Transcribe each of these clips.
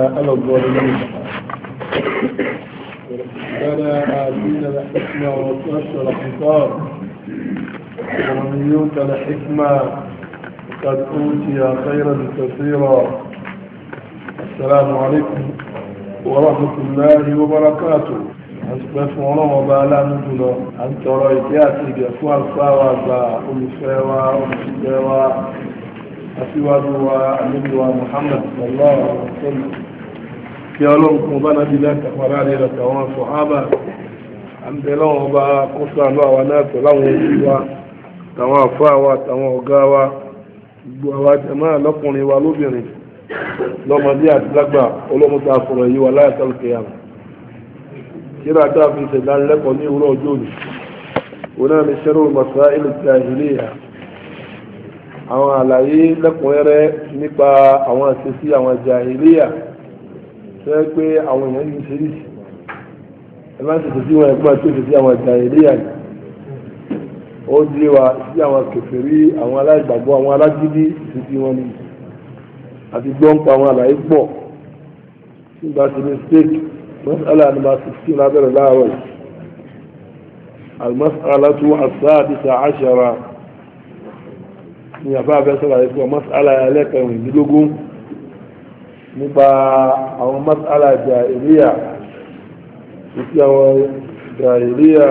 على الظالمين ربنا آتينا الحكمة وتؤثر الخطاب ومن يؤت الحكمة قد أوتي خيرا كثيرا السلام عليكم ورحمة الله وبركاته àtúpẹ́ fún ọlọ́wọ́ bá aláàánú jùlọ à ń tọrọ ìdí àti ìdẹ̀ fún àlùfáà wa gba olùfẹ́ wa olùfẹ́ wa aṣíwájú wa àlejò wa Muhammad sallallahu alaihi wa sallam kí ọlọ́run kún bá nábì láti àpárá rẹ̀ lọ́tà àwọn sọ̀hábà àǹdẹ̀lọ́wọ́n bá kó sànú àwọn náà tó láwọn òbí wa tàwọn àfáà wa tàwọn ọ̀gá wa gbogbo àwa jẹ̀mọ́ lọ́kùnrin wa lóbìnrin lọ́mọdé àti lágbà olómùtà sọ̀rọ̀ yìí wà láyàtọ̀ lókè yàrá kíra tá a fi ṣèdánilẹ́kọ̀ọ́ ní ìwúrọ̀ ọjọ́ òní òun náà ni ṣẹ́rù masail jahiliya àwọn àlàyé lẹ́kùnrẹ́rẹ́ nípa àwọn àṣesí àwọn jahiliya tó yẹ pé àwọn èèyàn ní oríṣiríṣi ẹ máa ń tètè sí wọn ẹgbẹ́ tó tètè sí àwọn ìjà ìléyà ni ó dé wa sí àwọn kèfèrí àwọn aláìgbàgbọ́ àwọn alágídí títí wọn ni àti gbọ́npa àwọn àlàyé pọ̀ nígbà tí mistake mas'ala number sixteen lábẹ́rẹ̀ láàárọ̀ yìí al-mas'alatu as-sadisa ashara ni àbá abẹ́sọ̀rọ̀ àyẹ̀kọ́ mas'ala ẹlẹ́kẹ̀rìndínlógún nípa àwọn masala jàìríyà ìfi àwọn jàìríyà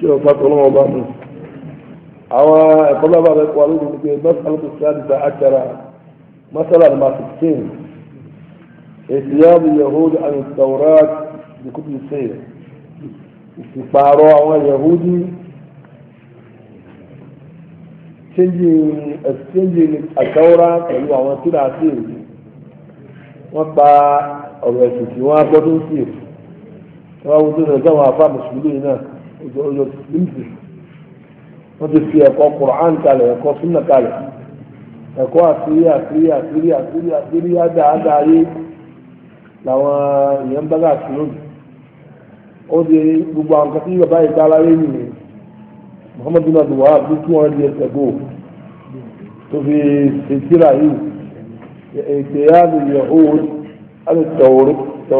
tí ó bá tọ́lọ́wọ́ bá mú àwọn ẹ̀kọ́ bá bàbá ẹ̀kọ́ alóòdù ní pé masala tó sáàdì ta àkàrà masala nà máa fìtín èsì yá bu yahudu àti taurat bí kú bí sè ìsìpààrọ̀ àwọn yahudi changing exchanging àtàwọ́rá pẹ̀lú àwọn tíra àti wọ́n pa ọ̀rọ̀ ẹ̀sìn tí wọ́n á gbọ́dọ̀ sí èkó wọ́n á wo afá mùsùlùmí náà ọjọ́ wọ́n ti fi ẹ̀kọ́ kùrán kalẹ̀ ẹ̀kọ́ súnà kalẹ̀ ẹ̀kọ́ àṣírí àṣírí àṣírí àṣírí àṣírí ádá ádá ayé làwọn èèyàn bá gà sí lónìí ó di gbogbo àwọn kan bàbá yìí láyé nìyí Muhammadu two hundred years ago tó fi ṣe لإيتيان اليهود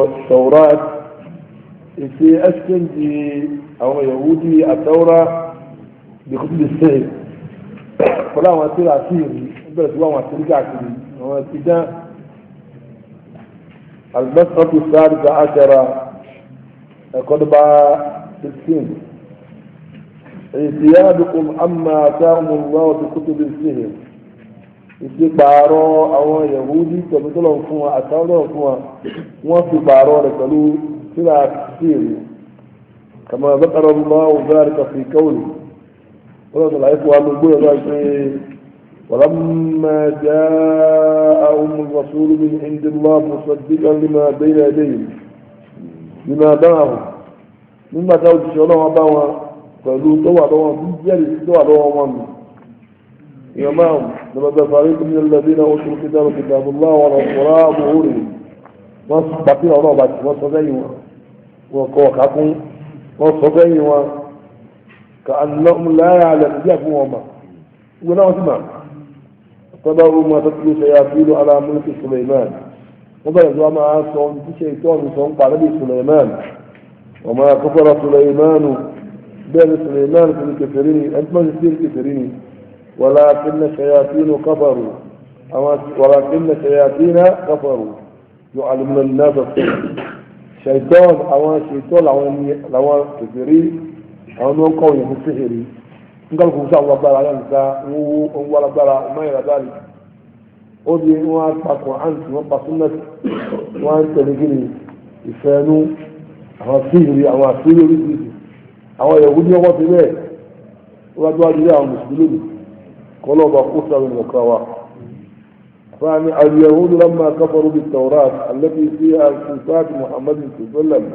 التوراة في أسكن في أو يهودي التوراة بكتب السيد فلا ما تلع فيه بس ما ترجع فيه هو ابتداء المسقط الثالثة عشرة قربة ستين اعتيادكم عما آتاهم الله بكتب السهر ìfi pààrọ̀ àwọn yahudi pẹ̀lú tó lọ́n fún wa àtàwọn fún wa wọ́n fi pààrọ̀ rẹ̀ pẹ̀lú síra síèrè kàmá bàtàrọ̀ máa wò bá rẹ̀ kàfi káwọ̀lì wọ́n lọ sọ̀rọ̀ àìfọwọ́ àmúgbó yẹn lọ́wọ́ pé ولما جاءهم الرسول من عند الله مصدقا لما بين يديه لما معهم مما تاوجد شغلهم أبا pẹ̀lú tó wà lọ́wọ́ bí jẹ́rìí tó wà lọ́wọ́ wọn mi يمام لما فريق من الذين اوتوا الكتاب كتاب الله وراء ظهورهم wọ́n gba pé ọ̀rọ̀ ọba tí wọ́n sọ sẹ́yìn wọn wọn kọ ọ̀ka kún wọ́n sọ sẹ́yìn wọn ka anamlára alẹ́ níbi àfún wọn mà wọn náà wọ́n sì mà tọ́lá ọ̀rọ̀ mu àtọ́kùn ṣe ya fílù ala múlùkì Suleiman wọ́n bẹ̀rẹ̀ sọ máa sọ ṣíṣe ìtọ́ọ̀nù sọ ń pa níbi Suleiman wọ́n máa kọ́kọ́rọ̀ Suleiman bẹ́ẹ̀ ni Suleiman kìrìkìrì ẹni tí wọ́n ti sí kìrìkìrì ولكن الشياطين كفروا ولكن الشياطين كفروا يعلمون الناس السحر شيطان أو شيطان لو كفري أو نقول في السحر nǹkan kò sá wà bára yẹn nǹkan wúwú owó alágbára mẹ́rin àdáàlì ó di wọn apakọ àǹtí wọn pa súnmẹtì wọn ń tẹ̀lé gíní ìfẹnú àwọn síhìrì àwọn àṣírí oríṣiríṣi àwọn yẹwù ní ọwọ́ ti bẹ́ẹ̀ wọn bá wájú àwọn mùsùlùmí قلوب قصر المكاوى فعني اليهود لما كفروا بالتوراة التي فيها صفات محمد صلى الله عليه وسلم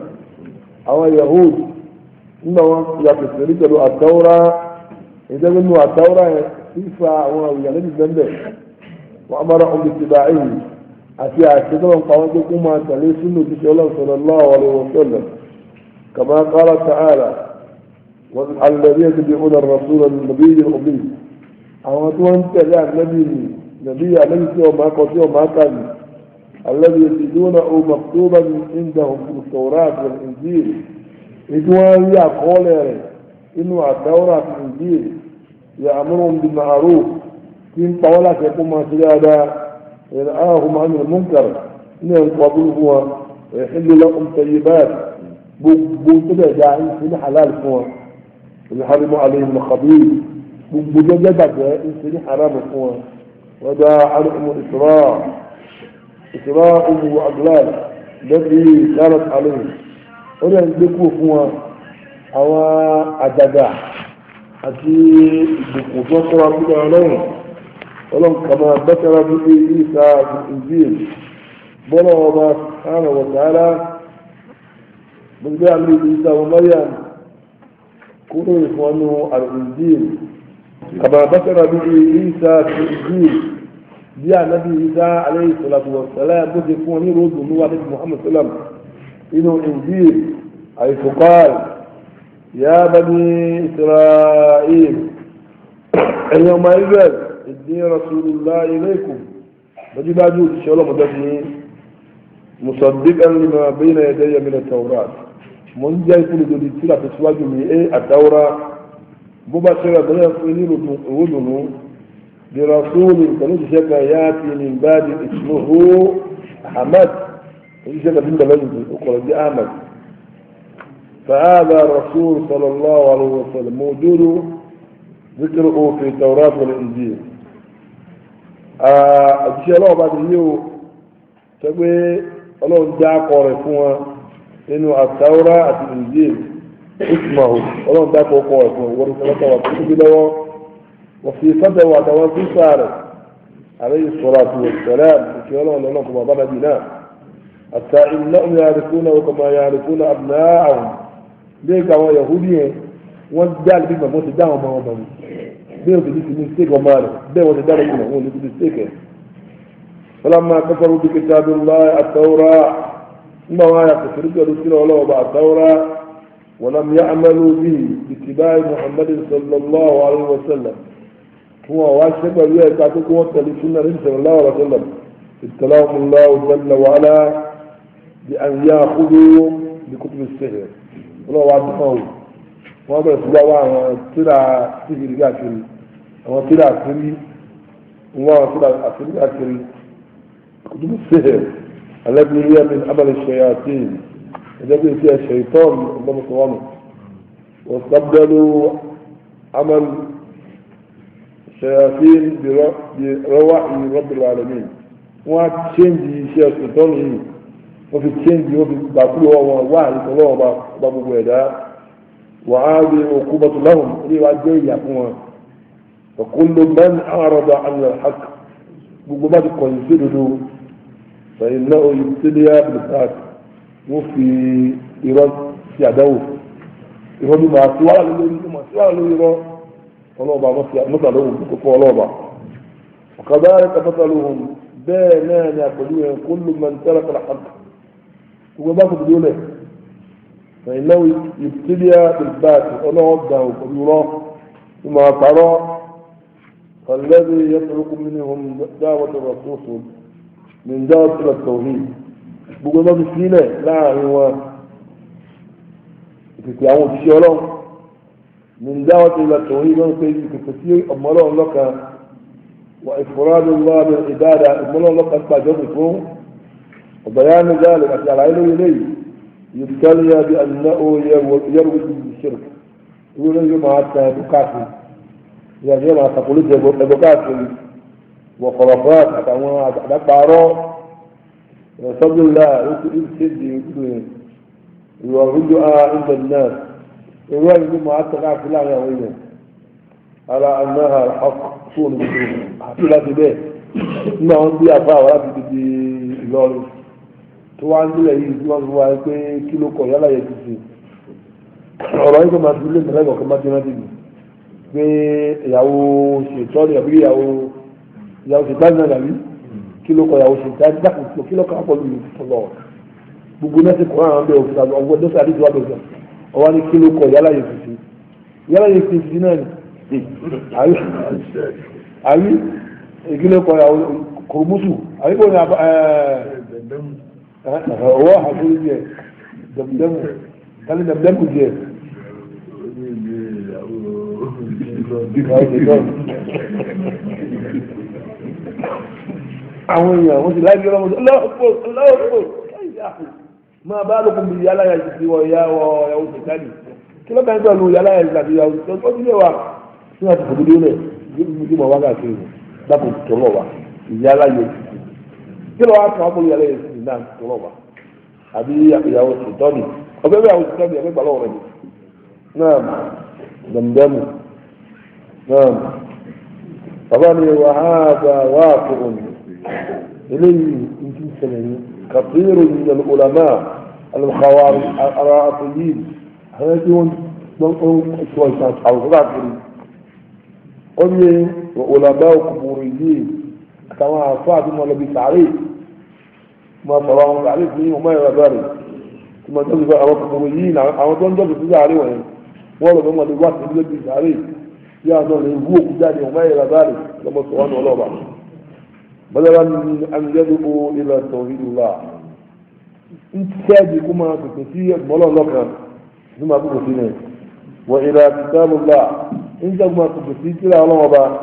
أو يهود إنه يكسرك التوراة إذا منه التوراة صفة ويغني الذنب وأمرهم باتباعه أتي أشتغل قوانتكم أن تليسنوا الله صلى الله عليه وسلم كما قال تعالى والذين يتبعون الرسول النبي الأمي àwọn tí wọ́n ń tẹ̀lé ànábì ni nàbí ànábì tí ọmọ akọ tí ọmọ aka ni ànábì èsì tí wọ́n náà ọmọ tó bá mi ń da ní ìgbà òkúta àti ìjìyè ètò wọn rí àkọọ́lẹ̀ rẹ̀ inú àdáwọ̀rọ̀ àti ìjìyè yà àmúrò ń bí màárò tí ń pa wọ́n láti ẹ̀kọ́ máa ṣe dáadáa ẹ̀rọ ahùn máa ń rìn múnkàrà ní ẹ̀kọ́ abúlùkù wọn ló lọ́kùn tẹ̀yẹ báyìí gbogbo tó bẹ̀ dáa ń fi ní halal fún wọn ìlú harimu alayhi mahabibu gbogbo jẹjẹ gbàgbẹ nítorí haramu fún wọn wọn gba alukumu ìṣòro ìṣòro ọmọ abdullahi lẹbi charles alayhi ó lè gbé kúrò fún wọn àwọn àdàgà àti ìgbòkò tó kọ́ wa fún wọn lọ́wọ́ bẹ́tẹ̀rẹ́ fún mi ní ìta ìdíyè bọ́lá gbogbo àmì كما بشر به عيسى في الإنجيل bí anabi isa aleyhi salatu wa salam bó ti fún ọ ní ròdù ní wàlẹ́ muhammad salam inú injil àìfukal ya bani israel ẹ̀yin ọmọ israel ìdí rasulullah ilaykum dájúdájú òṣìṣẹ́ ọlọ́mọdé ní musaddiq ẹni máa bẹ́yìn ẹ̀dẹ́yẹmí na taurat mo ń jẹ́ ìfúnni lórí tíra tó síwájú mi ẹ́ àtàwọ́rá bóbá tẹ́lẹ̀ bẹ́lẹ̀ fún ní owó dùnú lèrasúlì pẹ̀lú ìṣiṣẹ́ kan yá ti ní báyìí ìṣòro ahmad ìṣiṣẹ́ kan nígbà lẹ́yìn tó kọ̀rọ̀ jẹ́ ahmad فهذا الرسول صلى الله عليه وسلم موجود ذكره في التوراة والإنجيل àṣìṣe ọlọ́run bá ti yí o sọ pé ọlọ́run já akọ rẹ̀ fún wọn nínú àtàwọ́rá àti ìjìyèsí اسمه ولو ذاك وقوعه ورسلته وكتب له وفي صدر وعدوان في سارة عليه الصلاة والسلام كيولون لهم بابا بنا حتى إنهم يعرفونه كما يعرفون mistake mistake ولم يعملوا به باتباع محمد صلى الله عليه وسلم هو واسبة ليه تعتقد وقت لسنة صلى الله عليه وسلم ابتلاهم الله جل وعلا بأن يأخذوا بكتب السحر الله وعدهم wọ́n bẹ̀rẹ̀ sí wáwá àwọn tíra tíjìrì káàkiri àwọn tíra àkiri wọ́n àwọn tíra àkiri káàkiri kùdùmù sèhè alẹ́bí yẹ́mi abẹ́lẹ̀ الذي فيها الشيطان ربما صوامه واستبدلوا عمل الشياطين بروائي رب العالمين wọ́n á tẹ́ǹdì iṣẹ́ ṣètọ́nù yìí wọ́n fi tẹ́ǹdì wọ́n fi gbàkúrò wọn wá àìsàn lọ́wọ́ bá gbogbo ẹ̀dá wọ́n á rí òkú bọ́tù láwọn ilé wa jẹ́ ìyà fún wọn ọ̀kúnlò mẹ́rin àrọ̀dọ̀ àmì gbogbo bá ti kọ̀yìn sí dodo ṣàyìn náà òyìn sílẹ̀ àbùkù wọ́n fi irọ́ sí àdáwò irọ́ bí màá tí wàhálà lórí irọ́ màá tí wàhálà lórí irọ́ ọlọ́ọ̀bà mọ́tà lọ́wọ́ kókó ọlọ́ọ̀bà ọ̀kadà rẹ̀ kàtàkà lóhùn bẹ́ẹ̀ náà ni àpèlú yẹn kó ló máa ń tẹ́lẹ̀ kọ́lá kan gbogbo bá kòtò lólẹ̀ ẹ̀yìn náà yìí ìtìlíà ìbáàtì ọlọ́ọ̀dà òkòlù rọ́ ó máa parọ́ الذي يترك منهم دعوة الرسول من دعوة التوحيد gbogbo ẹgbẹ́ mi sílẹ̀ láàrin wọn ìpèsè àwọn òṣìṣẹ́ ọlọ́run nìdáwọ́ ti lọ tòun yìí lọ́n pé ìpèsè sí ọmọ ọlọ́run wà ìfọ̀rọ̀dọ̀ lọ́wọ́ ìdáadáa ìmọ̀lọ́run lọ́kan pàjọ́ mi fún ọ̀bẹ̀yà ní àti àlàyé lórí eléyìí yìí kálí ya bí yẹrù ìwé lórí yóò máa tẹ káàkiri yóò máa káàkiri وصبر الله يسد يقول وهدوء عند الناس يقول ما أتقع في الله يا على أنها الحق طول بدون حفلة بيه ما هم بي أفا ولا بدي لول توان بلا يزوان هو كيلو كو يلا يجزي ọ̀rọ̀ yìí kò máa dúró lẹ́nu lẹ́nu ọ̀kan májèmájè mi pé ìyàwó ṣètọ́ ìyàwó ìyàwó kí ló kọ ìyàwó ṣe ìta ẹni dàpọ̀ tó kí ló kàn pọ̀lú ìlú fún lọ gbogbo náà ti kọ́ àwọn ọmọdé òfin àti ọwọ́ dọ́sẹ̀ àdéjọ wà lọ́sẹ̀ ọwọ́ ni kí ló kọ yálà yẹn fìfì yálà yẹn fìfì ni àrí àrí kí ló kọ ìyàwó kòròmùsù kò ní ọwọ́ àkórí jẹ dẹ̀mdẹ̀mù tálí dẹ̀mdẹ̀mù jẹ ìgbà òjò náà àwọn èèyàn wọ́n ti láì bí ọlọ́mọdé ọlọ́pọ̀ ọlọ́pọ̀ máa bá lókun bí yálà yà ti wọ ìyá wọ ìyàwó sèkánì kí ló kàn pẹ̀lú yálà yà ti ìyàwó sèkánì ó ti lé wa tí wọ́n ti fòdú dé rẹ̀ yóò fi mọ̀ wá káàkiri dákò tọ̀lọ̀ wa ìyálà yà ti ti kí ló wá kàn wá pẹ̀lú yálà yà ti ti náà tọ̀lọ̀ wa àbí ìyàwó sèkánì ọbẹ̀ bí ìyàwó sèkánì ọbẹ̀ gbà lọ́wọ́ rẹ̀ náà dàmdàmù náà bàbá mi wà á bá wà á fún òní إليه يمكن سنين كثير من العلماء الخوارج الرافضين هذه من شوي أو غافل قل وعلماء قبوريين كما أصابهم ولا بتعريف ما صلاهم التعريف ليه وما يغادر ثم تجد أرى قبوريين أو تنجد في تعريفهم ولا هم اللي واحد تعريف يا دول يبوك جاني وما يغادر لما صلاهم ولا بعض بدلا من أن يدعو إلى توحيد الله أنت سادي كما تكتير ولا لك ثم تكتير وإلى كتاب الله أنت كما تكتير على الله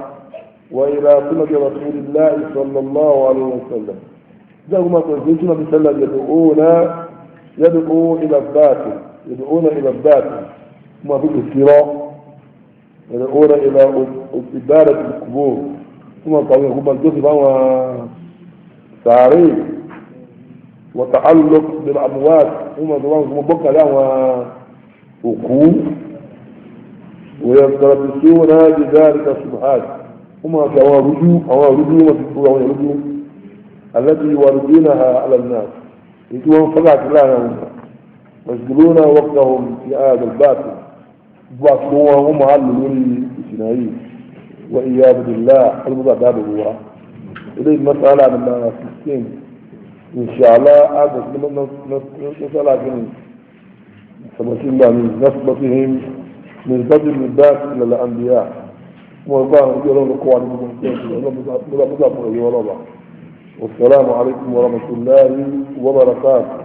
وإلى سنة رسول الله صلى الله عليه وسلم انت كما تكتير سنة وسلم يدعون يدعو إلى الباطل يدعون إلى الباطل كما تكتير يدعون إلى إدارة القبور ثم قالوا هم الجزء تاريخ وتعلق بالأموات هم دوام هم بقى لهم وقوم ويتربصون بذلك الشبهات هم كما رجوع أو رجوع وما رجوع التي يوردونها على الناس يجوا فقط لنا هم مشغولون وقتهم في هذا الباطل هم باطلوهم على الجنائي وإن يعبد الله المضى باب هو إليه المسألة من 60 إن شاء الله هذا مسألة من الله من نسبتهم من بدر الباس إلى الأنبياء وظاهر يرون القوانين المضى والسلام عليكم ورحمة الله وبركاته